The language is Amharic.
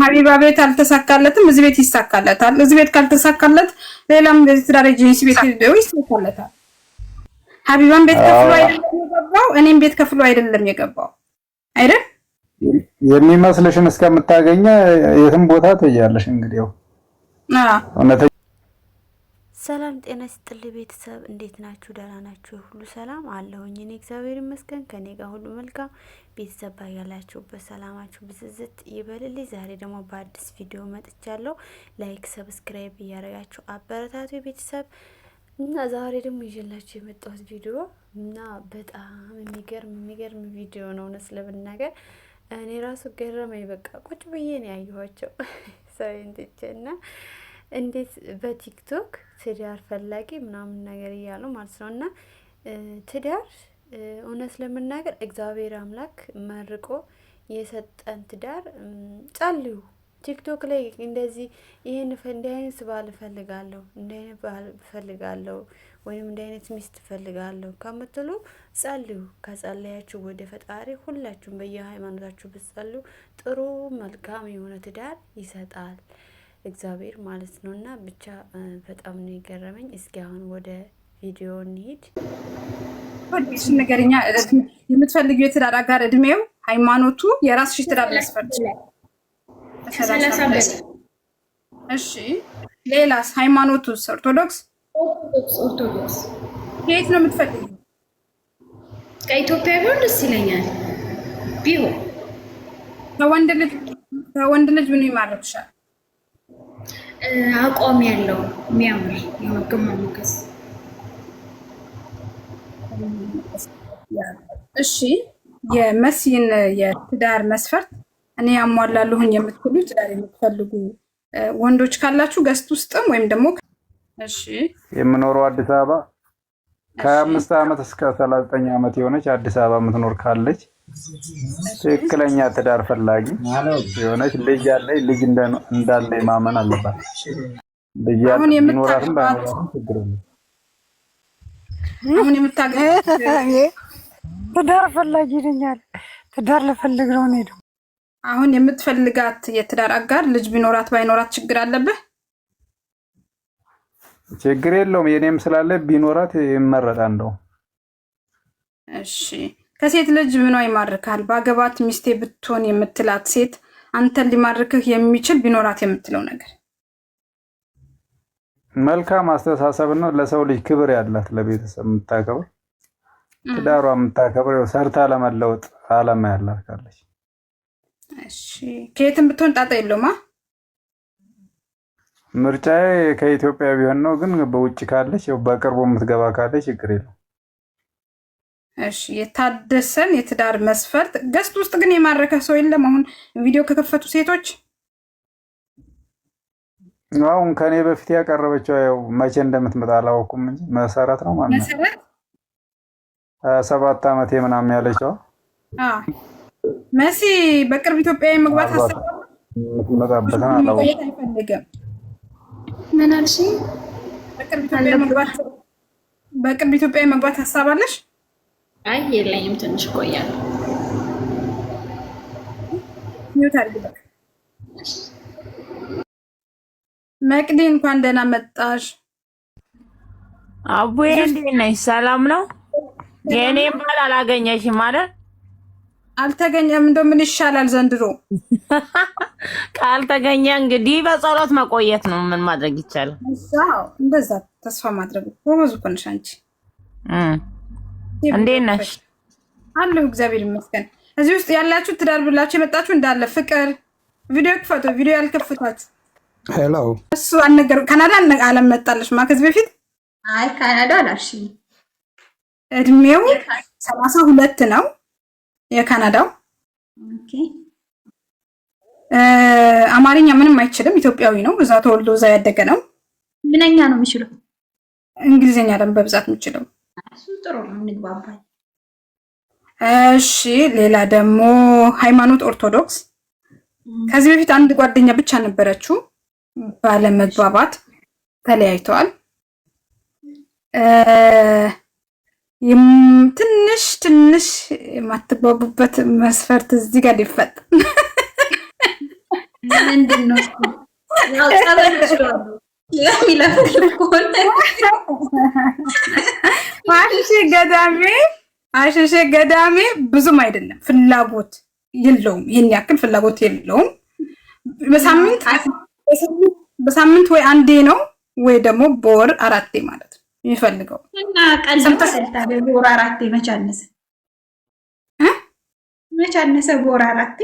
ሀቢባ ቤት አልተሳካለትም፣ እዚህ ቤት ይሳካለታል። እዚህ ቤት ካልተሳካለት ሌላም እንደዚህ ትዳር ኤጀንሲ ቤት ሄዶ ይሳካለታል። ሀቢባን ቤት ከፍሎ አይደለም የገባው፣ እኔም ቤት ከፍሎ አይደለም የገባው አይደል? የሚመስልሽን እስከምታገኘ የትም ቦታ ትያለሽ እንግዲህ እውነተ ሰላም ጤና ስጥል ቤተሰብ፣ እንዴት ናችሁ? ደህና ናችሁ? ሁሉ ሰላም አለሁኝ። እኔ እግዚአብሔር ይመስገን ከኔ ጋር ሁሉ መልካም። ቤተሰብ ባያላችሁበት ሰላማችሁ ብዝዝት ይበልልኝ። ዛሬ ደግሞ በአዲስ ቪዲዮ መጥቻለሁ። ላይክ፣ ሰብስክራይብ እያደረጋችሁ አበረታቱ ቤተሰብ እና ዛሬ ደግሞ ይዤላችሁ የመጣሁት ቪዲዮ እና በጣም የሚገርም የሚገርም ቪዲዮ ነው። እውነት ስለምናገር እኔ ራሱ ገረመኝ። በቃ ቁጭ ብዬ ነው ያየኋቸው ሰው እና እንዴት በቲክቶክ ትዳር ፈላጊ ምናምን ነገር እያሉ ማለት ነው። እና ትዳር እውነት ለመናገር እግዚአብሔር አምላክ መርቆ የሰጠን ትዳር ጸልዩ። ቲክቶክ ላይ እንደዚህ ይህን እንዲህ አይነት ባል እፈልጋለሁ፣ እንዲህ አይነት ባል እፈልጋለሁ ወይም እንዲህ አይነት ሚስት እፈልጋለሁ ከምትሉ ጸልዩ። ከጸለያችሁ ወደ ፈጣሪ ሁላችሁም በየሃይማኖታችሁ ብትጸልዩ ጥሩ መልካም የሆነ ትዳር ይሰጣል። እግዚአብሔር ማለት ነው። እና ብቻ በጣም ነው የገረመኝ። እስኪ አሁን ወደ ቪዲዮ እንሂድ። ሽን ነገርኛ የምትፈልጊው የትዳር አጋር እድሜው፣ ሃይማኖቱ፣ የራስሽ የትዳር መስፈርት። እሺ ሌላስ? ሃይማኖቱስ? ኦርቶዶክስ ኦርቶዶክስ። የት ነው የምትፈልጊው? ከኢትዮጵያ ቢሆን ደስ ይለኛል። ቢሆን ከወንድ ልጅ ምን ይማረክሻል? አቋም ያለው የሚያምር የመገማ ሞገስ። እሺ የመሲን የትዳር መስፈርት እኔ ያሟላልሁን የምትሉ ትዳር የምትፈልጉ ወንዶች ካላችሁ ገስት ውስጥም ወይም ደግሞ የምኖረው አዲስ አበባ ከአምስት አምስት ዓመት እስከ ሰላሳ ዘጠኝ ዓመት የሆነች አዲስ አበባ የምትኖር ካለች ትክክለኛ ትዳር ፈላጊ የሆነች ልጅ ያለኝ ልጅ እንዳለ ማመን አለባት። ልጅ ኖራትም ችግር አሁን ትዳር ፈላጊ ይለኛል። ትዳር ልፈልግ ነው ሄደው አሁን የምትፈልጋት የትዳር አጋር ልጅ ቢኖራት ባይኖራት ችግር አለብህ? ችግር የለውም። የኔም ስላለ ቢኖራት ይመረጣ እንደው እሺ ከሴት ልጅ ምኗ ይማርካል? በአገባት ሚስቴ ብትሆን የምትላት ሴት አንተን ሊማርክህ የሚችል ቢኖራት የምትለው ነገር መልካም አስተሳሰብ ነው። ለሰው ልጅ ክብር ያላት ለቤተሰብ የምታከብር ትዳሯ የምታከብር ሰርታ ለመለወጥ አላማ ያላት ካለች ከየትም ብትሆን ጣጣ የለውማ። ምርጫዬ ከኢትዮጵያ ቢሆን ነው፣ ግን በውጭ ካለች በቅርቡ የምትገባ ካለች ችግር የለው። እሺ የታደሰን የትዳር መስፈርት ገስት ውስጥ ግን የማረከ ሰው የለም። አሁን ቪዲዮ ከከፈቱ ሴቶች አሁን ከኔ በፊት ያቀረበችው ያው መቼ እንደምትመጣ አላወኩም እንጂ መሰረት ነው ማለት ነው። ሰባት ዓመቴ ምናምን ያለችው መሲ በቅርብ ኢትዮጵያዊ የመግባት ሀሳብ አለ ምን አልሽኝ? በቅርብ ኢትዮጵያዊ መግባት ሀሳብ አለሽ? አይ የለኝም፣ ትንሽ እቆያለሁ። መቅዲ እንኳን ደህና መጣሽ። አቡዬ እንዴት ነሽ? ሰላም ነው። የእኔም ባል አላገኘሽም ማለት አልተገኘም። እንደው ምን ይሻላል ዘንድሮ? ካልተገኘ እንግዲህ በጸሎት መቆየት ነው። ምን ማድረግ ይቻላል? እንደዛ ተስፋ ማድረግ ጎበዝ እኮ ነሽ አንቺ እንዴት ነሽ? አለሁ እግዚአብሔር ይመስገን። እዚህ ውስጥ ያላችሁ ትዳር ብላችሁ የመጣችሁ እንዳለ ፍቅር ቪዲዮ ክፈቱ። ቪዲዮ ያልከፈታችሁ ሄሎ፣ እሱ አነገሩ ካናዳ አለም መጣለች ማ ከዚህ በፊት አይ ካናዳ አላሽ። እድሜው ሰላሳ ሁለት ነው የካናዳው። አማርኛ ምንም አይችልም። ኢትዮጵያዊ ነው። እዛ ተወልዶ እዛ ያደገ ነው። ምንኛ ነው የሚችለው? እንግሊዝኛ ደግሞ በብዛት የሚችለው እሱ ጥሩ ነው እንግባባል። እሺ ሌላ ደግሞ ሃይማኖት ኦርቶዶክስ። ከዚህ በፊት አንድ ጓደኛ ብቻ ነበረችው፣ ባለመግባባት ተለያይተዋል። ትንሽ ትንሽ የማትግባቡበት መስፈርት እዚህ ጋር ሊፈጥ ምንድን ነው አሸሸ ገዳሜ አሸሸ ገዳሜ ብዙም አይደለም ፍላጎት የለውም። ይህን ያክል ፍላጎት የለውም። በሳምንት በሳምንት ወይ አንዴ ነው ወይ ደግሞ በወር አራቴ ማለት ነው የሚፈልገው። በወር አራቴ መቻነሰ መቻነሰ በወር አራቴ